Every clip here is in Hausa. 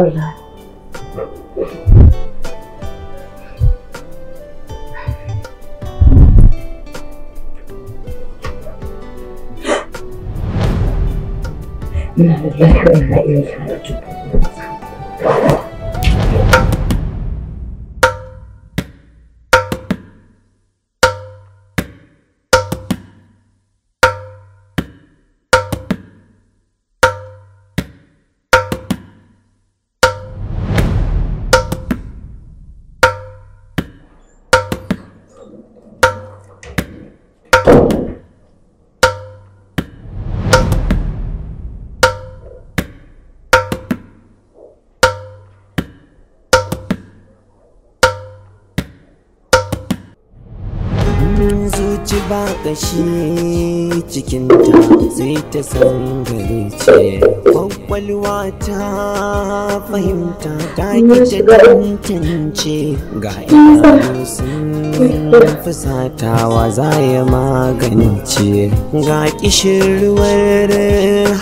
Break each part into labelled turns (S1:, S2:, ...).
S1: 你别回来！ba ƙashi cikinta sai ta san gari ce kwakwalwa ta fahimta ta ke ta tantance ga idanu sun fusatawa za ya magance ga kishirwar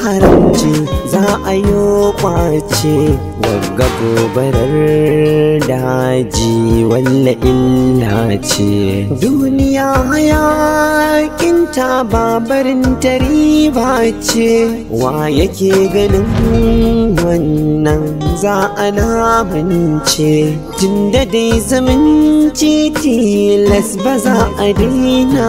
S1: haramci za a yi kwace wagga gobarar daji walla illa ce duniya hayakinta babarin riba ce wa yake ganin wannan za a lamince tun da dai zamanci titi tilas ba za a daina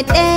S1: but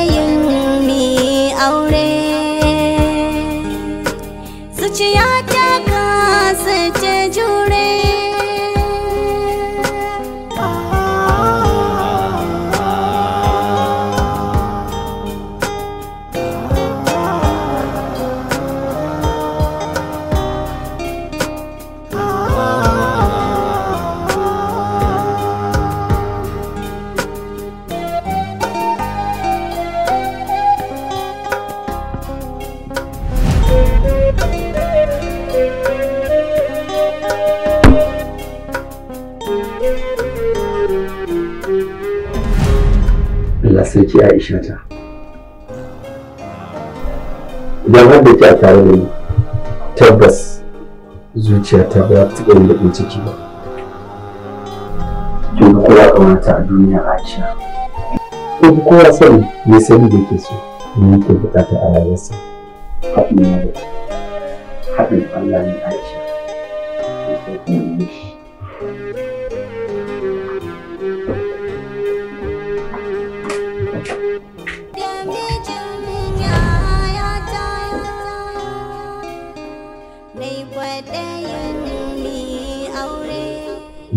S2: sarki aisha ta idan har ke a tare da ni tabbas zuciya ta ba ta taɓa baƙin ciki ba Duk ga kowa kamata a duniya aisha ko kowa sani ne sani da ke so me yake bukata a rayuwarsa haɗin haɗin Allah ne aisha Thank you.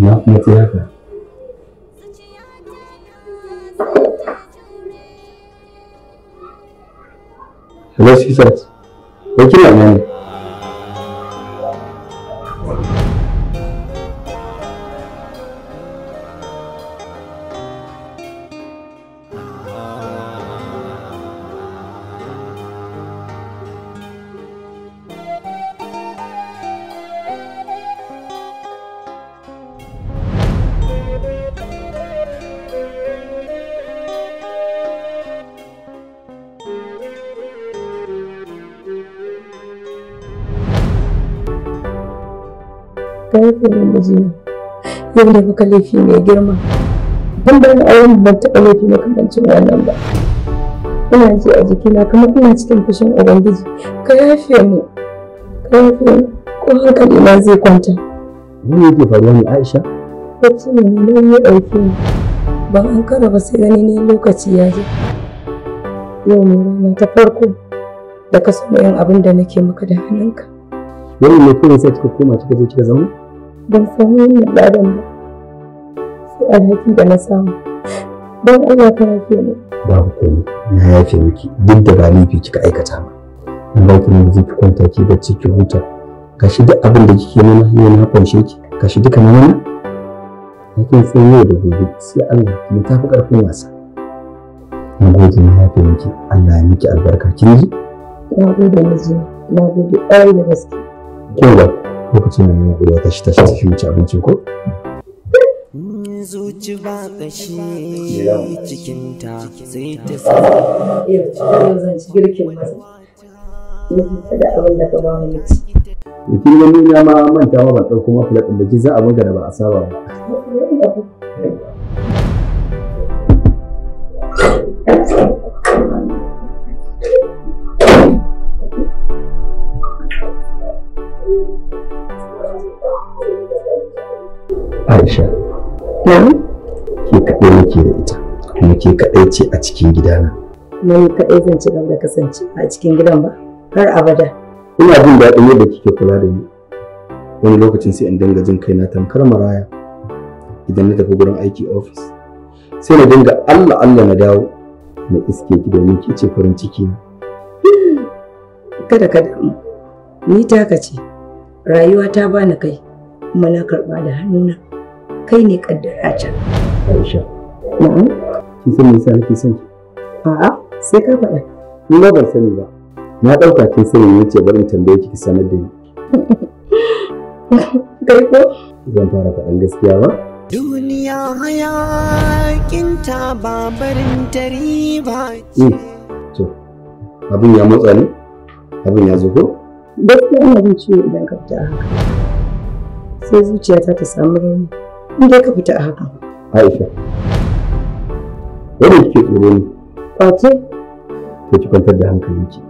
S2: na kuma tiyata Hello, Sisat. Wakil ne?
S3: ga yadda da mijina yau da maka laifi mai girma ban bayan auren ban taɓa laifi makamancin wannan ba ina ji a jikina kamar ina cikin fushin ubangiji ka yafe mu ka yafe mu ko hankali
S2: na zai kwanta me yake faruwa ne aisha
S3: bacci ne ne nan ya ɗauke ni ban an kara ba sai gani ne lokaci ya je yau ne rana ta farko da ka samu yin abin da nake maka da hannunka
S2: Wani ne kawai sai kika koma kika je kika zauna?
S3: Ban san wannan ladan ba. Sai alhaki da na samu. Don Allah ka yafe ni.
S2: Babu komai, na yafe miki duk da ba laifi kika aikata ba. Allah ki da zai fi kwanta ki bacci ki huta. Kashi duk abin da kike nema ne na kwanshe ki. Kashi duka na wani. Hakin sai yau da gobe sai Allah mu tafi karfin wasa. Na gode na yafe miki. Allah ya miki albarka kin ji?
S3: Na gode na ji. Na gode ƙwarai da gaske.
S2: kowa lokacin da nuna gudu ta shi ta shi wuce ko
S1: zuci ba ta sai ta sa yau
S3: zan ci girkin masa
S2: gani na ma manta ma ban za a buga da ba a saba ba. sha ke kaɗai nake da ita kuma ke kaɗai ce a cikin gidana
S1: ni kaɗai zan
S3: ci gaba da kasance a cikin gidan ba har abada
S2: ina jin daɗin yadda kike kula da ni wani lokacin sai in dinga jin kaina tamkar maraya idan na tafi gurin aiki ofis sai na dinga allah allah na dawo na iske ki domin ki ce farin ciki na
S3: kada ka damu ni taka ce rayuwa ta bani kai kuma na karɓa da hannuna kai ne kaddara ta
S2: Aisha na'am kin san me yasa nake son
S3: ki a'a sai ka faɗa
S2: ni ma ban sani ba na ɗauka kin sani ne ce bari in tambaye ki ki sanar da ni kai ko zan fara faɗan gaskiya ba duniya
S1: hayakinta ba barin tari ba
S2: mm. to abin ya motsa ne abin ya zo ko
S1: gaskiya ina jin ciwo idan ka fita
S3: haka sai zuciyata ta samu rauni in dai ka fita a haka.
S2: Aisha, wanda kike tsoro ne? Kwace. Ko ki kwantar da hankalinki.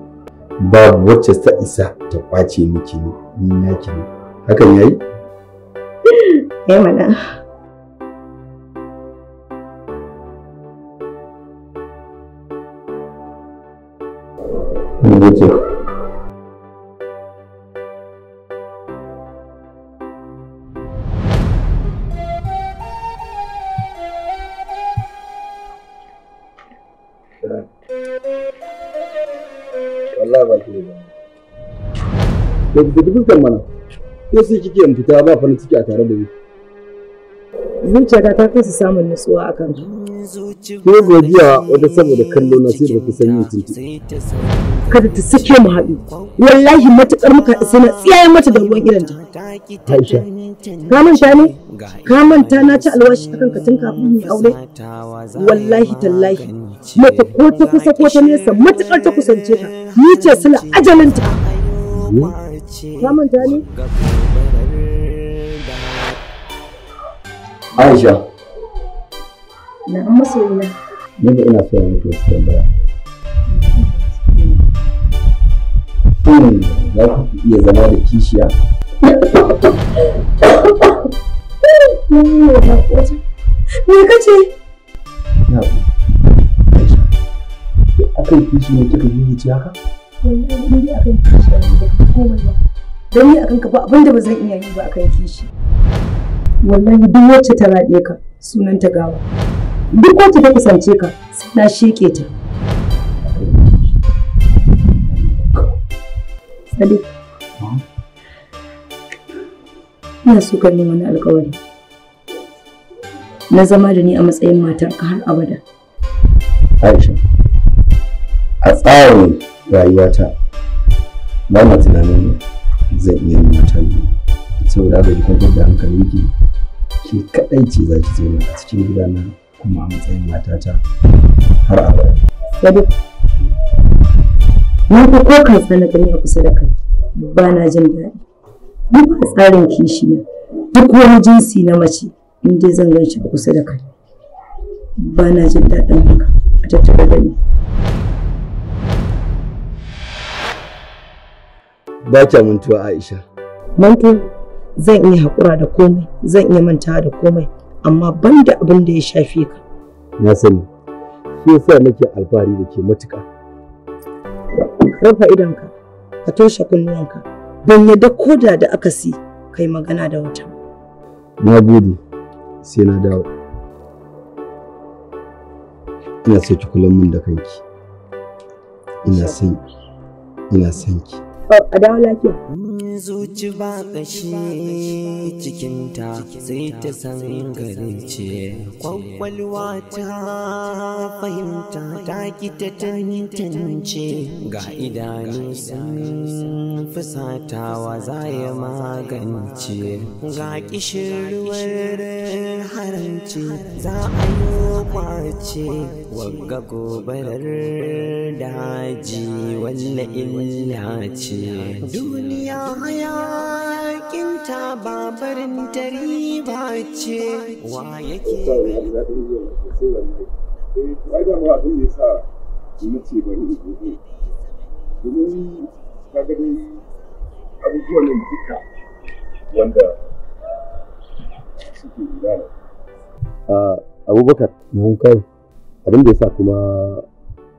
S2: Babu wacce ta isa ta kwace miki ne, ni na naki ne. Hakan yayi? Eh mana. Thank you. da dubukan mana ko sai kike in fita ba fara ciki a tare da ni zuciyata ta kasa samun nutsuwa a kan ko godiya wata saboda kallo na sai da kusan yin tuntu
S3: kada ta sake mu haɗu wallahi matukar muka isa na tsiyayen mata da ruwan idanta Aisha ka manta ne ka manta na ci alwashi akan ka tun kafin mu aure wallahi tallahi mata ko ta kusa ko ta nesa matukar ta kusance ka ni ce sila ajalinta Ka manta ni? Aisha. Na'am masoyina.
S2: Ni da ina so in mutu cikin baya. Hmm, za ku iya zama da kishiya? Me kace? Na. Akan kishi ne kika yi haka?
S3: wallahi ni akan kishi ba zan komai ba dan ni akan ka ba abinda ba zan iya yi ba akan kishi wallahi duk wacce ta raɗe ka sunan ta gawa duk wacce ta kusance ka na sheƙe ta Sadiq ina so ka wani alkawari na zama da ni a matsayin matarka har abada
S2: Aisha a tsarin rayuwata ba na tunanin zan iya yin mata biyu saboda haka ki kwantar da hankali ki ke kaɗai ce za ki zauna a cikin gidana kuma a matsayin matata har abada.
S3: Sadiq, na fi ko kansa na gani a kusa da kai ba na jin daɗi. Duk a tsarin kishi na duk wani jinsi na mace in dai zan gan shi a kusa da kai ba na jin daɗin haka a tattare da ni.
S2: ba kya mantuwa Aisha.
S3: Manta zan iya haƙura da komai, zan iya mantawa da komai, amma ban da abin da ya shafe ka.
S2: Na sani, shi yasa nake alfahari da ke matuƙa.
S3: Rufe idonka, ka toshe kunnuwanka, ban yadda koda da aka si kai magana da wata.
S2: Na gode, sai na dawo. Ina so ki kula min da kanki. Ina son ina son ki.
S3: ở, ờ, ở đâu là chị zuci ba ƙashi
S1: cikinta sai ta san gari ce kwakwalwa ta fahimta ta ki ta tantance ga idanu sun fusatawa za ya magance ga kishirwar haramci za a yi kwace wagga gobarar daji wannan illa ce duniya yakinta babarin dari ba ce
S2: wa yake ce
S4: eh, abubakar mun kai abin da ya sa kuma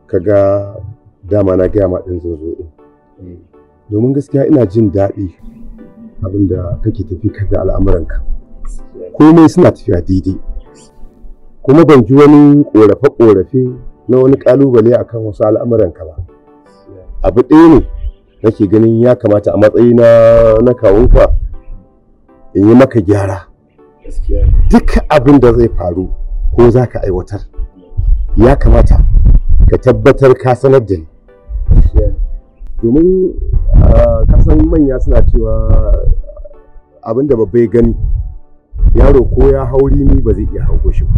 S4: ka ga dama na gaya ma ɗin zunzo domin gaskiya ina jin daɗi abinda kake tafi da al'amuranka komai suna tafiya daidai kuma ban ji wani ƙorafe-ƙorafe na wani ƙalubale akan wasu al'amuranka ba abu ɗaya ne nake ganin ya kamata a matsayi na kawunka in yi maka gyara duk abin da zai faru ko za ka aiwatar ya kamata ka tabbatar ka sanar da ni domin Eh, kasan manya suna cewa abin da babba ya gani yaro ko ya hauri ni ba zai iya hango shi ba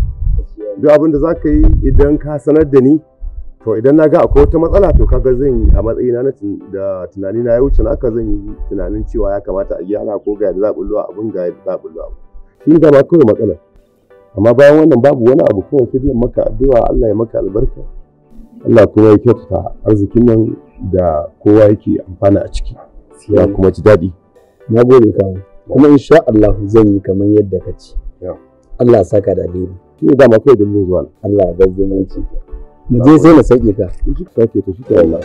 S4: duk abin za ka yi idan ka sanar da ni to idan na ga akwai wata matsala to kaga zan yi a matsayi na da tunani na ya wuce naka zan yi tunanin cewa ya kamata a gyara ko ga yadda zaɓulluwa abin ga yadda za a kawai matsala amma bayan wannan babu wani abu kawai sai dai maka addu'a Allah ya maka albarka Allah kuma ya kyautata arzikin nan da kowa yake amfana a ciki ya kuma ji daɗi na gode kawo
S2: kuma insha Allah zan yi kamar yadda ka ce Allah saka da alheri shi ne
S4: dama kawai dalilin zuwa Allah ya bar zumunci mu je sai na sauke ka sauke to shi ke Allah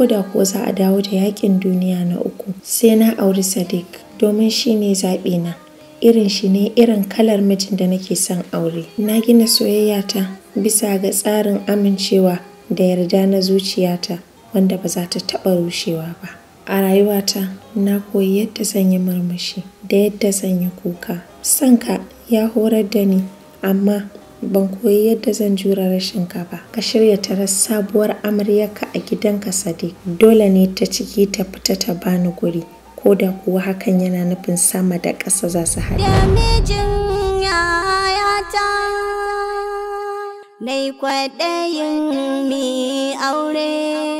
S3: ko da kuwa za a dawo da yakin duniya na uku sai na auri sadiq domin shi ne na irin shi ne irin kalar mijin da nake son aure na gina soyayya ta bisa ga tsarin amincewa da yarda na zuciyata wanda ba za ta taɓa rushewa ba a rayuwata na koyi yadda zan yi murmushi da yadda zan yi kuka sanka ya horar da ni amma Ban koyi yadda zan jura rashin ka ba. Ka shirya tarar sabuwar amaryarka a gidanka sade Dole ne ta ciki ta fita ta bani guri, ko da kuwa hakan yana nufin sama da ƙasa za su haɗu.
S1: Da yayata, kwaɗayin mi
S3: aure.